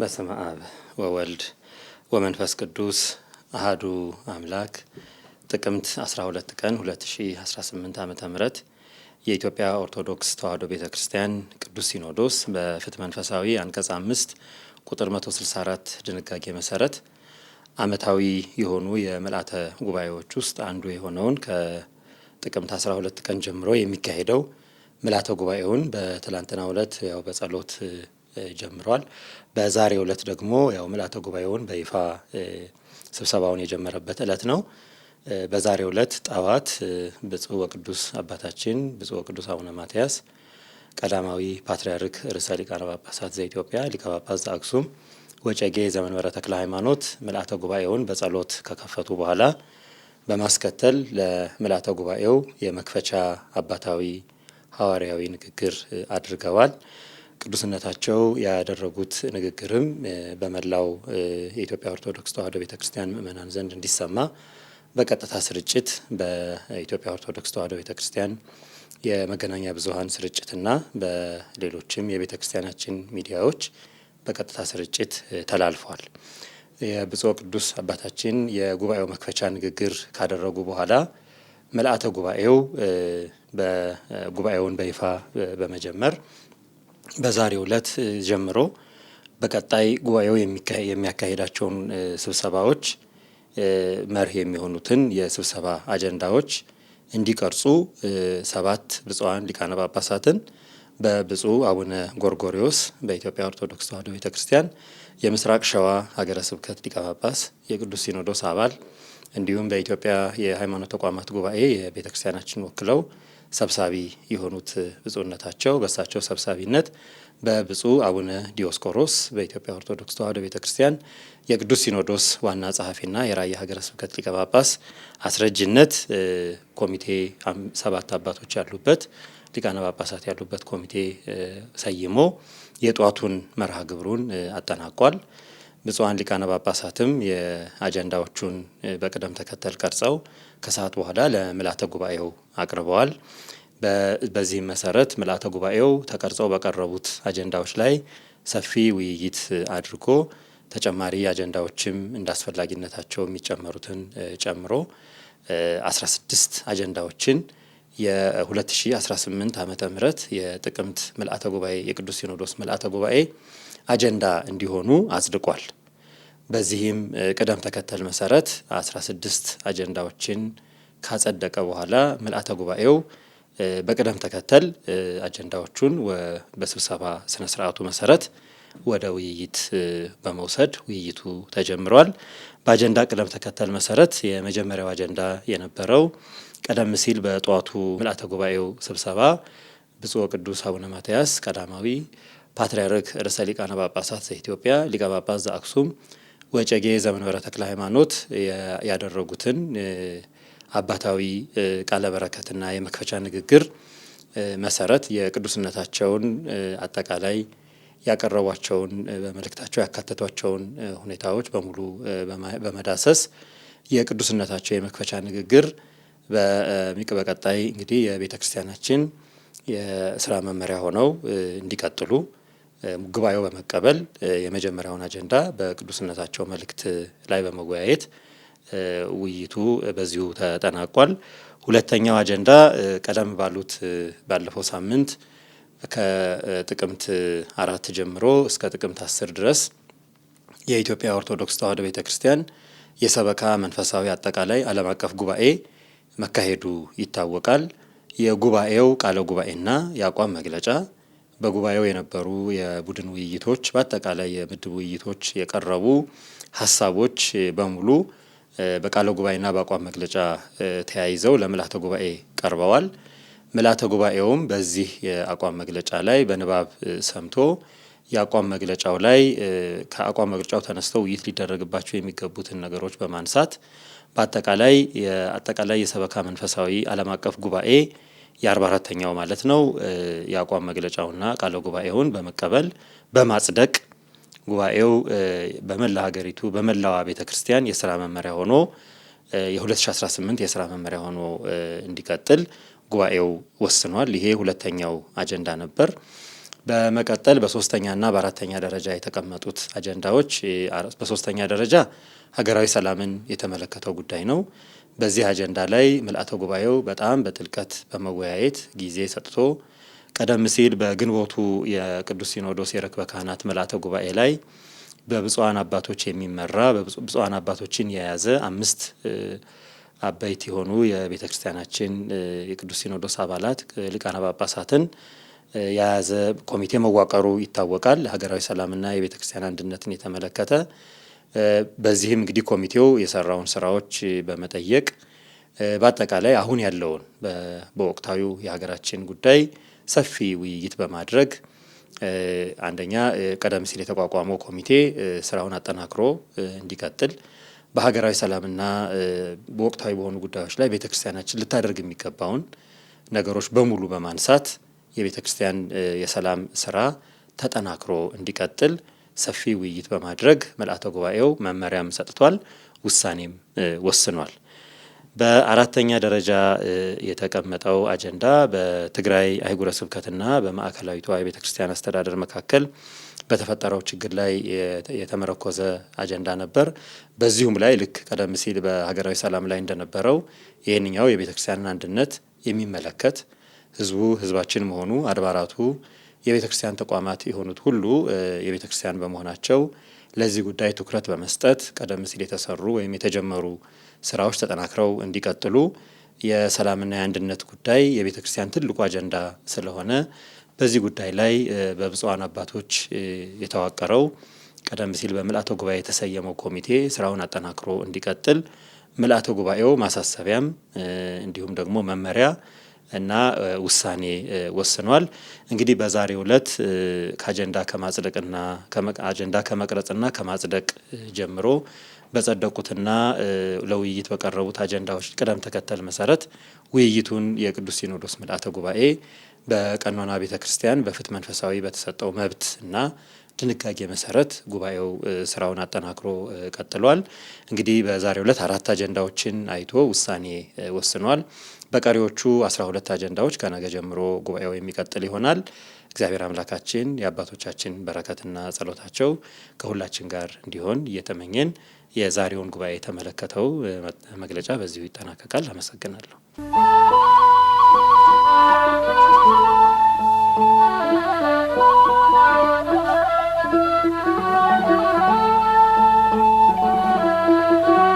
በስመ አብ ወወልድ ወመንፈስ ቅዱስ አህዱ አምላክ። ጥቅምት 12 ቀን 2018 ዓ ም የኢትዮጵያ ኦርቶዶክስ ተዋሕዶ ቤተ ክርስቲያን ቅዱስ ሲኖዶስ በፍትሐ መንፈሳዊ አንቀጽ አምስት ቁጥር 164 ድንጋጌ መሰረት ዓመታዊ የሆኑ የምልአተ ጉባኤዎች ውስጥ አንዱ የሆነውን ከጥቅምት 12 ቀን ጀምሮ የሚካሄደው ምላተ ጉባኤውን በትላንትናው ዕለት ያው በጸሎት ጀምሯል። በዛሬ ዕለት ደግሞ ያው ምልአተ ጉባኤውን በይፋ ስብሰባውን የጀመረበት ዕለት ነው። በዛሬ ዕለት ጠዋት ብፁዕ ወቅዱስ አባታችን ብፁዕ ወቅዱስ አቡነ ማትያስ ቀዳማዊ ፓትርያርክ ርዕሰ ሊቃነ ጳጳሳት ዘኢትዮጵያ ሊቀ ጳጳስ ዘአክሱም ወጨጌ ዘመንበረ ተክለ ሃይማኖት ምልአተ ጉባኤውን በጸሎት ከከፈቱ በኋላ በማስከተል ለምልአተ ጉባኤው የመክፈቻ አባታዊ ሐዋርያዊ ንግግር አድርገዋል። ቅዱስነታቸው ያደረጉት ንግግርም በመላው የኢትዮጵያ ኦርቶዶክስ ተዋሕዶ ቤተክርስቲያን ምእመናን ዘንድ እንዲሰማ በቀጥታ ስርጭት በኢትዮጵያ ኦርቶዶክስ ተዋሕዶ ቤተክርስቲያን የመገናኛ ብዙኃን ስርጭትና በሌሎችም የቤተክርስቲያናችን ሚዲያዎች በቀጥታ ስርጭት ተላልፏል። የብፁዕ ቅዱስ አባታችን የጉባኤው መክፈቻ ንግግር ካደረጉ በኋላ ምልአተ ጉባኤው በጉባኤውን በይፋ በመጀመር በዛሬው ዕለት ጀምሮ በቀጣይ ጉባኤው የሚያካሄዳቸውን ስብሰባዎች መርህ የሚሆኑትን የስብሰባ አጀንዳዎች እንዲቀርጹ ሰባት ብፁዓን ሊቃነ ጳጳሳትን በብፁዕ አቡነ ጎርጎሪዎስ በኢትዮጵያ ኦርቶዶክስ ተዋሕዶ ቤተ ክርስቲያን የምስራቅ ሸዋ ሀገረ ስብከት ሊቀ ጳጳስ፣ የቅዱስ ሲኖዶስ አባል እንዲሁም በኢትዮጵያ የሃይማኖት ተቋማት ጉባኤ የቤተ ክርስቲያናችን ወክለው ሰብሳቢ የሆኑት ብፁዕነታቸው በሳቸው ሰብሳቢነት በብፁዕ አቡነ ዲዮስቆሮስ በኢትዮጵያ ኦርቶዶክስ ተዋሕዶ ቤተ ክርስቲያን የቅዱስ ሲኖዶስ ዋና ጸሐፊና የራያ ሀገረ ስብከት ሊቀ ጳጳስ አስረጅነት ኮሚቴ ሰባት አባቶች ያሉበት ሊቃነ ጳጳሳት ያሉበት ኮሚቴ ሰይሞ የጧቱን መርሃ ግብሩን አጠናቋል። ብፁዓን ሊቃነ ጳጳሳትም የአጀንዳዎቹን በቅደም ተከተል ቀርጸው ከሰዓት በኋላ ለምልዓተ ጉባኤው አቅርበዋል። በዚህም መሰረት ምልዓተ ጉባኤው ተቀርጸው በቀረቡት አጀንዳዎች ላይ ሰፊ ውይይት አድርጎ ተጨማሪ አጀንዳዎችም እንዳስፈላጊነታቸው የሚጨመሩትን ጨምሮ 16 አጀንዳዎችን የ2018 ዓ ምህረት የጥቅምት ምልዓተ ጉባኤ የቅዱስ ሲኖዶስ ምልዓተ ጉባኤ አጀንዳ እንዲሆኑ አጽድቋል። በዚህም ቅደም ተከተል መሰረት 16 አጀንዳዎችን ካጸደቀ በኋላ ምልአተ ጉባኤው በቅደም ተከተል አጀንዳዎቹን በስብሰባ ስነ ስርዓቱ መሰረት ወደ ውይይት በመውሰድ ውይይቱ ተጀምሯል። በአጀንዳ ቅደም ተከተል መሰረት የመጀመሪያው አጀንዳ የነበረው ቀደም ሲል በጠዋቱ ምልአተ ጉባኤው ስብሰባ ብፁዕ ወቅዱስ አቡነ ማትያስ ቀዳማዊ ፓትርያርክ ርዕሰ ሊቃነ ጳጳሳት ዘኢትዮጵያ ሊቀ ጳጳስ ዘአክሱም ወጨጌ ዘመንበረ ተክለ ሃይማኖት ያደረጉትን አባታዊ ቃለ በረከትና የመክፈቻ ንግግር መሰረት የቅዱስነታቸውን አጠቃላይ ያቀረቧቸውን በመልእክታቸው ያካተቷቸውን ሁኔታዎች በሙሉ በመዳሰስ የቅዱስነታቸው የመክፈቻ ንግግር በሚቅ በቀጣይ እንግዲህ የቤተ ክርስቲያናችን የስራ መመሪያ ሆነው እንዲቀጥሉ ጉባኤው በመቀበል የመጀመሪያውን አጀንዳ በቅዱስነታቸው መልእክት ላይ በመወያየት ውይይቱ በዚሁ ተጠናቋል። ሁለተኛው አጀንዳ ቀደም ባሉት ባለፈው ሳምንት ከጥቅምት አራት ጀምሮ እስከ ጥቅምት አስር ድረስ የኢትዮጵያ ኦርቶዶክስ ተዋሕዶ ቤተ ክርስቲያን የሰበካ መንፈሳዊ አጠቃላይ ዓለም አቀፍ ጉባኤ መካሄዱ ይታወቃል። የጉባኤው ቃለ ጉባኤና የአቋም መግለጫ በጉባኤው የነበሩ የቡድን ውይይቶች፣ በአጠቃላይ የምድብ ውይይቶች የቀረቡ ሀሳቦች በሙሉ በቃለ ጉባኤና በአቋም መግለጫ ተያይዘው ለምላተ ጉባኤ ቀርበዋል። ምላተ ጉባኤውም በዚህ የአቋም መግለጫ ላይ በንባብ ሰምቶ የአቋም መግለጫው ላይ ከአቋም መግለጫው ተነስተው ውይይት ሊደረግባቸው የሚገቡትን ነገሮች በማንሳት በአጠቃላይ የአጠቃላይ የሰበካ መንፈሳዊ ዓለም አቀፍ ጉባኤ የአርባ 44 ማለት ነው የአቋም መግለጫውና ቃለ ጉባኤውን በመቀበል በማጽደቅ ጉባኤው በመላ ሀገሪቱ በመላዋ ቤተ ክርስቲያን የስራ መመሪያ ሆኖ የ2018 የስራ መመሪያ ሆኖ እንዲቀጥል ጉባኤው ወስኗል። ይሄ ሁለተኛው አጀንዳ ነበር። በመቀጠል በሶስተኛና በአራተኛ ደረጃ የተቀመጡት አጀንዳዎች በሶስተኛ ደረጃ ሀገራዊ ሰላምን የተመለከተው ጉዳይ ነው። በዚህ አጀንዳ ላይ ምልአተ ጉባኤው በጣም በጥልቀት በመወያየት ጊዜ ሰጥቶ ቀደም ሲል በግንቦቱ የቅዱስ ሲኖዶስ የረክበ ካህናት ምልአተ ጉባኤ ላይ በብፁዓን አባቶች የሚመራ ብፁዓን አባቶችን የያዘ አምስት አበይት የሆኑ የቤተ ክርስቲያናችን የቅዱስ ሲኖዶስ አባላት ሊቃነ ጳጳሳትን የያዘ ኮሚቴ መዋቀሩ ይታወቃል። ሀገራዊ ሰላምና የቤተ ክርስቲያን አንድነትን የተመለከተ በዚህም እንግዲህ ኮሚቴው የሰራውን ስራዎች በመጠየቅ በአጠቃላይ አሁን ያለውን በወቅታዊ የሀገራችን ጉዳይ ሰፊ ውይይት በማድረግ አንደኛ ቀደም ሲል የተቋቋመው ኮሚቴ ስራውን አጠናክሮ እንዲቀጥል በሀገራዊ ሰላምና በወቅታዊ በሆኑ ጉዳዮች ላይ ቤተክርስቲያናችን ልታደርግ የሚገባውን ነገሮች በሙሉ በማንሳት የቤተክርስቲያን የሰላም ስራ ተጠናክሮ እንዲቀጥል ሰፊ ውይይት በማድረግ ምልአተ ጉባኤው መመሪያም ሰጥቷል፣ ውሳኔም ወስኗል። በአራተኛ ደረጃ የተቀመጠው አጀንዳ በትግራይ አህጉረ ስብከትና በማዕከላዊቷ ቤተ ክርስቲያን አስተዳደር መካከል በተፈጠረው ችግር ላይ የተመረኮዘ አጀንዳ ነበር። በዚሁም ላይ ልክ ቀደም ሲል በሀገራዊ ሰላም ላይ እንደነበረው ይህንኛው የቤተ ክርስቲያንን አንድነት የሚመለከት ህዝቡ ህዝባችን መሆኑ አድባራቱ የቤተ ክርስቲያን ተቋማት የሆኑት ሁሉ የቤተ ክርስቲያን በመሆናቸው ለዚህ ጉዳይ ትኩረት በመስጠት ቀደም ሲል የተሰሩ ወይም የተጀመሩ ስራዎች ተጠናክረው እንዲቀጥሉ የሰላምና የአንድነት ጉዳይ የቤተ ክርስቲያን ትልቁ አጀንዳ ስለሆነ በዚህ ጉዳይ ላይ በብፁዓን አባቶች የተዋቀረው ቀደም ሲል በምልአተ ጉባኤ የተሰየመው ኮሚቴ ስራውን አጠናክሮ እንዲቀጥል ምልአተ ጉባኤው ማሳሰቢያም እንዲሁም ደግሞ መመሪያ እና ውሳኔ ወስኗል። እንግዲህ በዛሬው ዕለት ከአጀንዳ ከማጽደቅና አጀንዳ ከመቅረጽና ከማጽደቅ ጀምሮ በጸደቁትና ለውይይት በቀረቡት አጀንዳዎች ቅደም ተከተል መሰረት ውይይቱን የቅዱስ ሲኖዶስ ምልአተ ጉባኤ በቀኖና ቤተ ክርስቲያን መንፈሳዊ በተሰጠው መብት እና ድንጋጌ መሰረት ጉባኤው ስራውን አጠናክሮ ቀጥሏል። እንግዲህ በዛሬው ዕለት አራት አጀንዳዎችን አይቶ ውሳኔ ወስኗል። በቀሪዎቹ 12 አጀንዳዎች ከነገ ጀምሮ ጉባኤው የሚቀጥል ይሆናል። እግዚአብሔር አምላካችን የአባቶቻችን በረከትና ጸሎታቸው ከሁላችን ጋር እንዲሆን እየተመኘን የዛሬውን ጉባኤ የተመለከተው መግለጫ በዚሁ ይጠናቀቃል። አመሰግናለሁ።